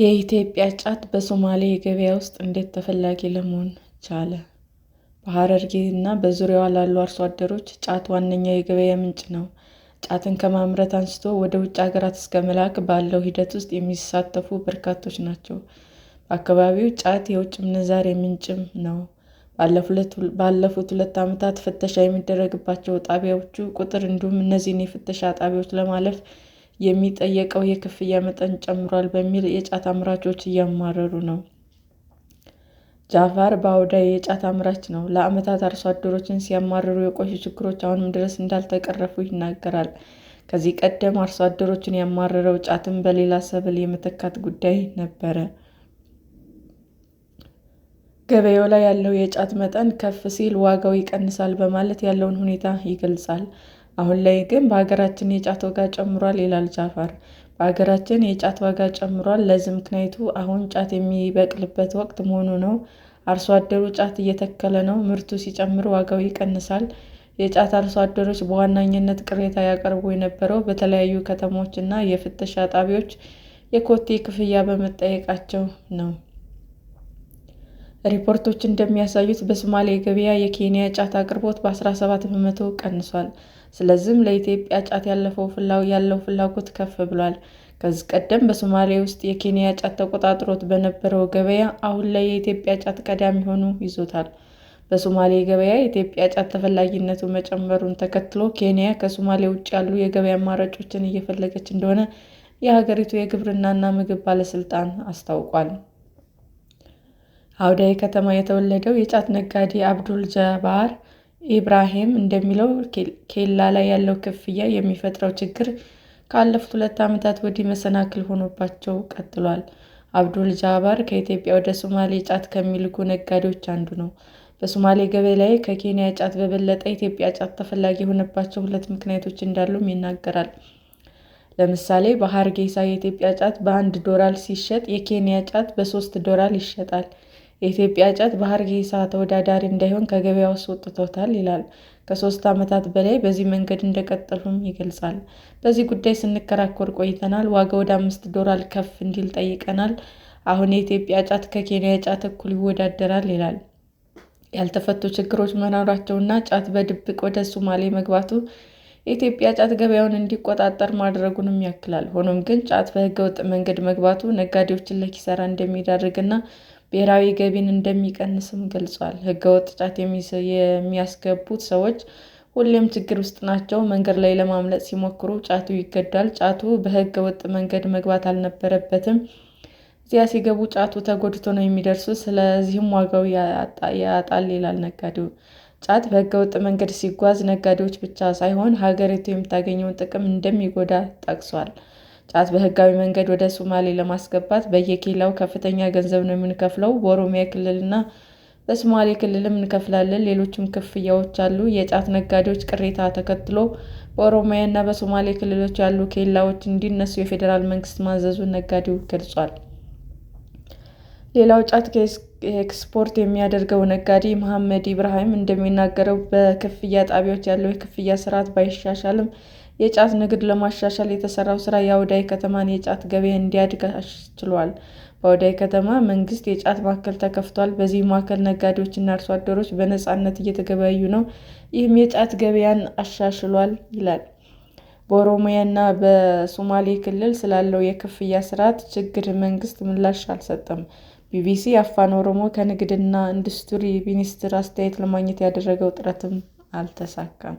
የኢትዮጵያ ጫት በሶማሌ ገበያ ውስጥ እንዴት ተፈላጊ ለመሆን ቻለ? በሐረርጌ እና በዙሪያዋ ላሉ አርሶ አደሮች ጫት ዋነኛ የገበያ ምንጭ ነው። ጫትን ከማምረት አንስቶ ወደ ውጭ ሀገራት እስከ መላክ ባለው ሂደት ውስጥ የሚሳተፉ በርካቶች ናቸው። በአካባቢው ጫት የውጭ ምንዛሬ ምንጭም ነው። ባለፉት ሁለት ዓመታት ፍተሻ የሚደረግባቸው ጣቢያዎቹ ቁጥር እንዲሁም እነዚህን የፍተሻ ጣቢያዎች ለማለፍ የሚጠየቀው የክፍያ መጠን ጨምሯል በሚል የጫት አምራቾች እያማረሩ ነው። ጃቫር በአውዳይ የጫት አምራች ነው። ለዓመታት አርሶ አደሮችን ሲያማርሩ የቆዩ ችግሮች አሁንም ድረስ እንዳልተቀረፉ ይናገራል። ከዚህ ቀደም አርሶ አደሮችን ያማረረው ጫትን በሌላ ሰብል የመተካት ጉዳይ ነበረ። ገበያው ላይ ያለው የጫት መጠን ከፍ ሲል ዋጋው ይቀንሳል በማለት ያለውን ሁኔታ ይገልጻል። አሁን ላይ ግን በሀገራችን የጫት ዋጋ ጨምሯል ይላል ጃፋር። በሀገራችን የጫት ዋጋ ጨምሯል። ለዚህ ምክንያቱ አሁን ጫት የሚበቅልበት ወቅት መሆኑ ነው። አርሶ አደሩ ጫት እየተከለ ነው። ምርቱ ሲጨምር ዋጋው ይቀንሳል። የጫት አርሶ አደሮች በዋነኝነት ቅሬታ ያቀርቡ የነበረው በተለያዩ ከተሞች እና የፍተሻ ጣቢያዎች የኮቴ ክፍያ በመጠየቃቸው ነው። ሪፖርቶች እንደሚያሳዩት በሶማሌ ገበያ የኬንያ ጫት አቅርቦት በ17 በመቶ ቀንሷል። ስለዚህም ለኢትዮጵያ ጫት ያለፈው ያለው ፍላጎት ከፍ ብሏል። ከዚህ ቀደም በሶማሌ ውስጥ የኬንያ ጫት ተቆጣጥሮት በነበረው ገበያ አሁን ላይ የኢትዮጵያ ጫት ቀዳሚ ሆኖ ይዞታል። በሶማሌ ገበያ የኢትዮጵያ ጫት ተፈላጊነቱ መጨመሩን ተከትሎ ኬንያ ከሶማሌ ውጭ ያሉ የገበያ አማራጮችን እየፈለገች እንደሆነ የሀገሪቱ የግብርናና ምግብ ባለስልጣን አስታውቋል። አውዳይ ከተማ የተወለደው የጫት ነጋዴ አብዱል ጀባር ኢብራሂም እንደሚለው ኬላ ላይ ያለው ክፍያ የሚፈጥረው ችግር ካለፉት ሁለት ዓመታት ወዲህ መሰናክል ሆኖባቸው ቀጥሏል። አብዱል ጃባር ከኢትዮጵያ ወደ ሶማሌ ጫት ከሚልኩ ነጋዴዎች አንዱ ነው። በሶማሌ ገበያ ላይ ከኬንያ ጫት በበለጠ ኢትዮጵያ ጫት ተፈላጊ የሆነባቸው ሁለት ምክንያቶች እንዳሉም ይናገራል። ለምሳሌ በሀርጌሳ የኢትዮጵያ ጫት በአንድ ዶላር ሲሸጥ የኬንያ ጫት በሶስት ዶላር ይሸጣል። የኢትዮጵያ ጫት በሀርጌሳ ተወዳዳሪ እንዳይሆን ከገበያ ወጥቶታል ይላል። ከሶስት ዓመታት በላይ በዚህ መንገድ እንደቀጠሉም ይገልጻል። በዚህ ጉዳይ ስንከራከር ቆይተናል። ዋጋ ወደ አምስት ዶላር ከፍ እንዲል ጠይቀናል። አሁን የኢትዮጵያ ጫት ከኬንያ ጫት እኩል ይወዳደራል ይላል። ያልተፈቱ ችግሮች መኖራቸውና ጫት በድብቅ ወደ ሱማሌ መግባቱ የኢትዮጵያ ጫት ገበያውን እንዲቆጣጠር ማድረጉንም ያክላል። ሆኖም ግን ጫት በህገወጥ መንገድ መግባቱ ነጋዴዎችን ለኪሳራ እንደሚዳርግና ብሔራዊ ገቢን እንደሚቀንስም ገልጿል። ህገወጥ ጫት የሚያስገቡት ሰዎች ሁሌም ችግር ውስጥ ናቸው። መንገድ ላይ ለማምለጥ ሲሞክሩ ጫቱ ይገዳል። ጫቱ በህገ ወጥ መንገድ መግባት አልነበረበትም። እዚያ ሲገቡ ጫቱ ተጎድቶ ነው የሚደርሱ ስለዚህም ዋጋው ያጣል ይላል ነጋዴው። ጫት በህገ ወጥ መንገድ ሲጓዝ ነጋዴዎች ብቻ ሳይሆን ሀገሪቱ የምታገኘውን ጥቅም እንደሚጎዳ ጠቅሷል። ጫት በህጋዊ መንገድ ወደ ሶማሌ ለማስገባት በየኬላው ከፍተኛ ገንዘብ ነው የምንከፍለው። በኦሮሚያ ክልልና በሶማሌ ክልልም እንከፍላለን። ሌሎችም ክፍያዎች አሉ። የጫት ነጋዴዎች ቅሬታ ተከትሎ በኦሮሚያ እና በሶማሌ ክልሎች ያሉ ኬላዎች እንዲነሱ የፌዴራል መንግስት ማዘዙን ነጋዴው ገልጿል። ሌላው ጫት ኤክስፖርት የሚያደርገው ነጋዴ መሐመድ ኢብራሂም እንደሚናገረው በክፍያ ጣቢያዎች ያለው የክፍያ ስርዓት ባይሻሻልም የጫት ንግድ ለማሻሻል የተሰራው ስራ የአውዳይ ከተማን የጫት ገበያ እንዲያድግ አስችሏል። በአውዳይ ከተማ መንግስት የጫት ማዕከል ተከፍቷል። በዚህ ማዕከል ነጋዴዎችና አርሶ አደሮች በነፃነት እየተገበያዩ ነው። ይህም የጫት ገበያን አሻሽሏል ይላል። በኦሮሚያና በሶማሌ ክልል ስላለው የክፍያ ስርዓት ችግር መንግስት ምላሽ አልሰጠም። ቢቢሲ አፋን ኦሮሞ ከንግድና ኢንዱስትሪ ሚኒስቴር አስተያየት ለማግኘት ያደረገው ጥረትም አልተሳካም።